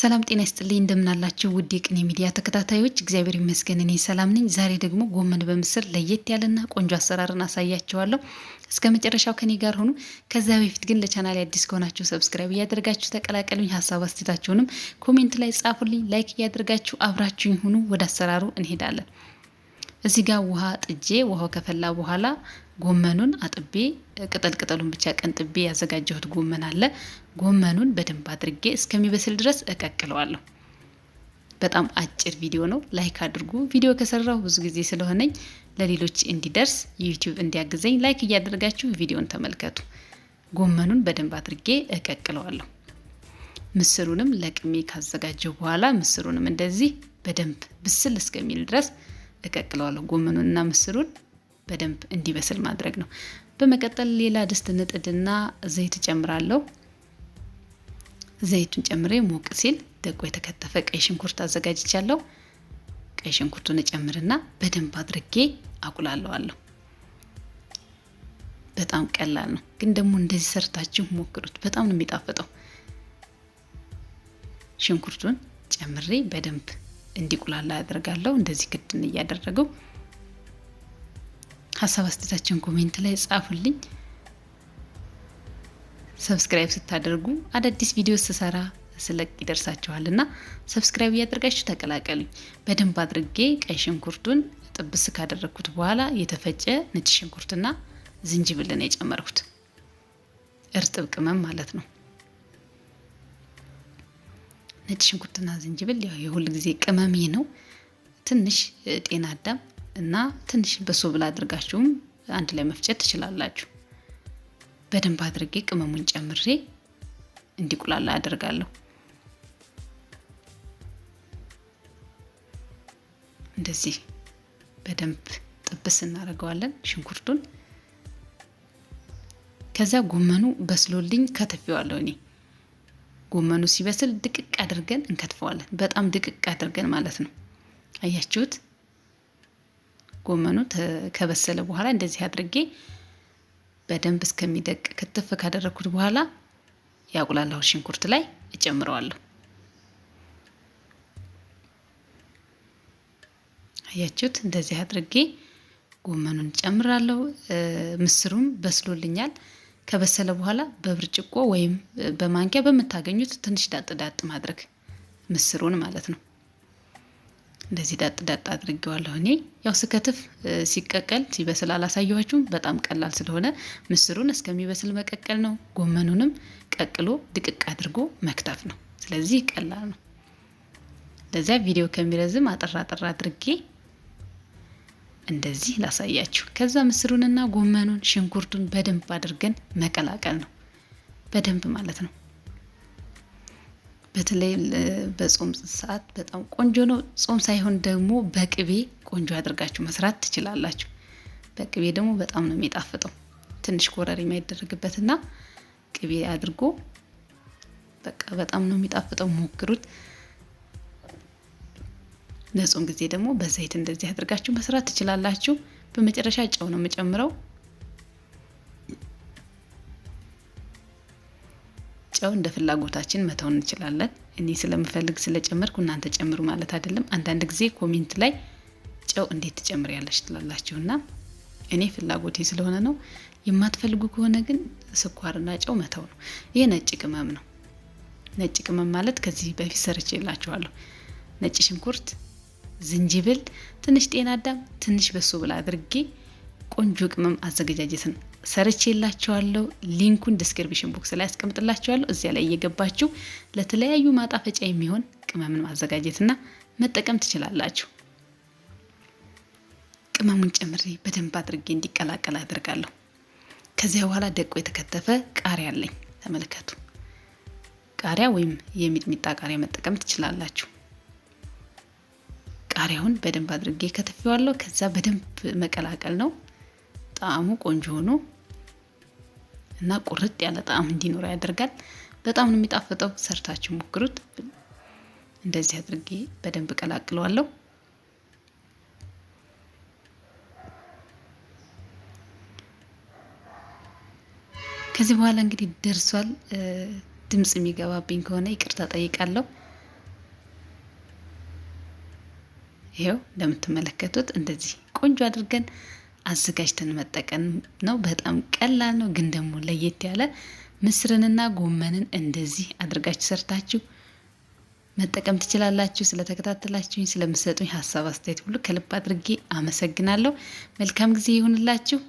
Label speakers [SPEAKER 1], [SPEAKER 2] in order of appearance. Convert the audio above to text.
[SPEAKER 1] ሰላም ጤና ይስጥልኝ እንደምናላችሁ ውድ የቅኔ ሚዲያ ተከታታዮች፣ እግዚአብሔር ይመስገን እኔ ሰላም ነኝ። ዛሬ ደግሞ ጎመን በምስር ለየት ያለና ቆንጆ አሰራርን አሳያችኋለሁ። እስከ መጨረሻው ከኔ ጋር ሆኑ። ከዚያ በፊት ግን ለቻናል አዲስ ከሆናችሁ ሰብስክራይብ እያደርጋችሁ ተቀላቀሉኝ። ሀሳብ አስተያየታችሁንም ኮሜንት ላይ ጻፉልኝ። ላይክ እያደርጋችሁ አብራችሁኝ ሁኑ። ወደ አሰራሩ እንሄዳለን። እዚህ ጋር ውሃ ጥጄ ውሃው ከፈላ በኋላ ጎመኑን አጥቤ ቅጠል ቅጠሉን ብቻ ቀንጥቤ ያዘጋጀሁት ጎመን አለ። ጎመኑን በደንብ አድርጌ እስከሚበስል ድረስ እቀቅለዋለሁ። በጣም አጭር ቪዲዮ ነው። ላይክ አድርጉ። ቪዲዮ ከሰራሁ ብዙ ጊዜ ስለሆነኝ ለሌሎች እንዲደርስ ዩቲዩብ እንዲያግዘኝ ላይክ እያደረጋችሁ ቪዲዮን ተመልከቱ። ጎመኑን በደንብ አድርጌ እቀቅለዋለሁ። ምስሩንም ለቅሜ ካዘጋጀው በኋላ ምስሩንም እንደዚህ በደንብ ብስል እስከሚል ድረስ እቀቅለዋለሁ። ጎመኑንና ምስሩን በደንብ እንዲበስል ማድረግ ነው። በመቀጠል ሌላ ድስት ንጥድና ዘይት ጨምራለሁ። ዘይቱን ጨምሬ ሞቅ ሲል ደቆ የተከተፈ ቀይ ሽንኩርት አዘጋጅቻለሁ። ቀይ ሽንኩርቱን እጨምርና በደንብ አድርጌ አቁላለዋለሁ። በጣም ቀላል ነው፣ ግን ደግሞ እንደዚህ ሰርታችሁ ሞክሩት። በጣም ነው የሚጣፍጠው። ሽንኩርቱን ጨምሬ በደንብ እንዲቁላላ ያደርጋለሁ። እንደዚህ ክድን እያደረገው ሀሳብ አስተታችን ኮሜንት ላይ ጻፉልኝ። ሰብስክራይብ ስታደርጉ አዳዲስ ቪዲዮ ስሰራ ስለቅ ይደርሳችኋል እና ሰብስክራይብ እያደርጋችሁ ተቀላቀሉኝ። በደንብ አድርጌ ቀይ ሽንኩርቱን ጥብስ ካደረግኩት በኋላ የተፈጨ ነጭ ሽንኩርትና ዝንጅብልን የጨመርኩት፣ እርጥብ ቅመም ማለት ነው። ነጭ ሽንኩርትና ዝንጅብል ያው የሁል ጊዜ ቅመሜ ነው። ትንሽ ጤና አዳም እና ትንሽ በሶ ብላ አድርጋችሁም አንድ ላይ መፍጨት ትችላላችሁ። በደንብ አድርጌ ቅመሙን ጨምሬ እንዲቁላላ አደርጋለሁ። እንደዚህ በደንብ ጥብስ እናደርገዋለን ሽንኩርቱን። ከዛ ጎመኑ በስሎልኝ ከተፊዋለሁ። እኔ። ጎመኑ ሲበስል ድቅቅ አድርገን እንከትፈዋለን። በጣም ድቅቅ አድርገን ማለት ነው። አያችሁት? ጎመኑ ከበሰለ በኋላ እንደዚህ አድርጌ በደንብ እስከሚደቅ ክትፍ ካደረግኩት በኋላ ያቁላላሁ ሽንኩርት ላይ እጨምረዋለሁ። አያችሁት? እንደዚህ አድርጌ ጎመኑን እጨምራለሁ። ምስሩም በስሎልኛል። ከበሰለ በኋላ በብርጭቆ ወይም በማንኪያ በምታገኙት ትንሽ ዳጥ ዳጥ ማድረግ ምስሩን ማለት ነው። እንደዚህ ዳጥ ዳጥ አድርጌዋለሁ። እኔ ያው ስከትፍ ሲቀቀል ሲበስል አላሳየኋችሁም። በጣም ቀላል ስለሆነ ምስሩን እስከሚበስል መቀቀል ነው። ጎመኑንም ቀቅሎ ድቅቅ አድርጎ መክተፍ ነው። ስለዚህ ቀላል ነው። ለዚያ ቪዲዮ ከሚረዝም አጠራ አጠራ አድርጌ እንደዚህ ላሳያችሁ። ከዛ ምስሩንና ጎመኑን ሽንኩርቱን በደንብ አድርገን መቀላቀል ነው። በደንብ ማለት ነው። በተለይ በጾም ሰዓት በጣም ቆንጆ ነው። ጾም ሳይሆን ደግሞ በቅቤ ቆንጆ አድርጋችሁ መስራት ትችላላችሁ። በቅቤ ደግሞ በጣም ነው የሚጣፍጠው። ትንሽ የማይደረግበት ይደረግበትና ቅቤ አድርጎ በቃ በጣም ነው የሚጣፍጠው። ሞክሩት። ለጾም ጊዜ ደግሞ በዘይት እንደዚህ አድርጋችሁ መስራት ትችላላችሁ። በመጨረሻ ጨው ነው የምጨምረው። ጨው እንደ ፍላጎታችን መተው እንችላለን። እኔ ስለምፈልግ ስለጨመርኩ እናንተ ጨምሩ ማለት አይደለም። አንዳንድ ጊዜ ኮሜንት ላይ ጨው እንዴት ትላላችሁ ትላላችሁና እኔ ፍላጎቴ ስለሆነ ነው። የማትፈልጉ ከሆነ ግን ስኳርና ጨው መተው ነው። ይህ ነጭ ቅመም ነው። ነጭ ቅመም ማለት ከዚህ በፊት ሰርቼ ነጭ ሽንኩርት፣ ዝንጅብል፣ ትንሽ ጤና አዳም፣ ትንሽ በሶ ብላ አድርጌ ቆንጆ ቅመም አዘገጃጀትን ሰርች ሊንኩን ዲስክሪፕሽን ቦክስ ላይ አስቀምጥላችኋለሁ። እዚያ ላይ እየገባችሁ ለተለያዩ ማጣፈጫ የሚሆን ቅመምን ማዘጋጀትና መጠቀም ትችላላችሁ። ቅመሙን ጨምሬ በደንብ አድርጌ እንዲቀላቀል አድርጋለሁ። ከዚያ በኋላ ደቆ የተከተፈ ቃሪያ አለኝ። ተመልከቱ። ቃሪያ ወይም የሚጥሚጣ ቃሪያ መጠቀም ትችላላችሁ። ቃሪያውን በደንብ አድርጌ ከተፊዋለሁ። ከዛ በደንብ መቀላቀል ነው። ጣዕሙ ቆንጆ ሆኖ እና ቁርጥ ያለ ጣዕም እንዲኖረው ያደርጋል። በጣም ነው የሚጣፍጠው። ሰርታችሁ ሞክሩት። እንደዚህ አድርጌ በደንብ ቀላቅለዋለሁ። ከዚህ በኋላ እንግዲህ ደርሷል። ድምፅ የሚገባብኝ ከሆነ ይቅርታ ጠይቃለሁ። ይኸው እንደምትመለከቱት እንደዚህ ቆንጆ አድርገን አዘጋጅተን መጠቀም ነው። በጣም ቀላል ነው፣ ግን ደግሞ ለየት ያለ ምስርንና ጎመንን እንደዚህ አድርጋችሁ ሰርታችሁ መጠቀም ትችላላችሁ። ስለተከታተላችሁኝ፣ ስለምሰጡኝ ሀሳብ አስተያየት ሁሉ ከልብ አድርጌ አመሰግናለሁ። መልካም ጊዜ ይሁንላችሁ።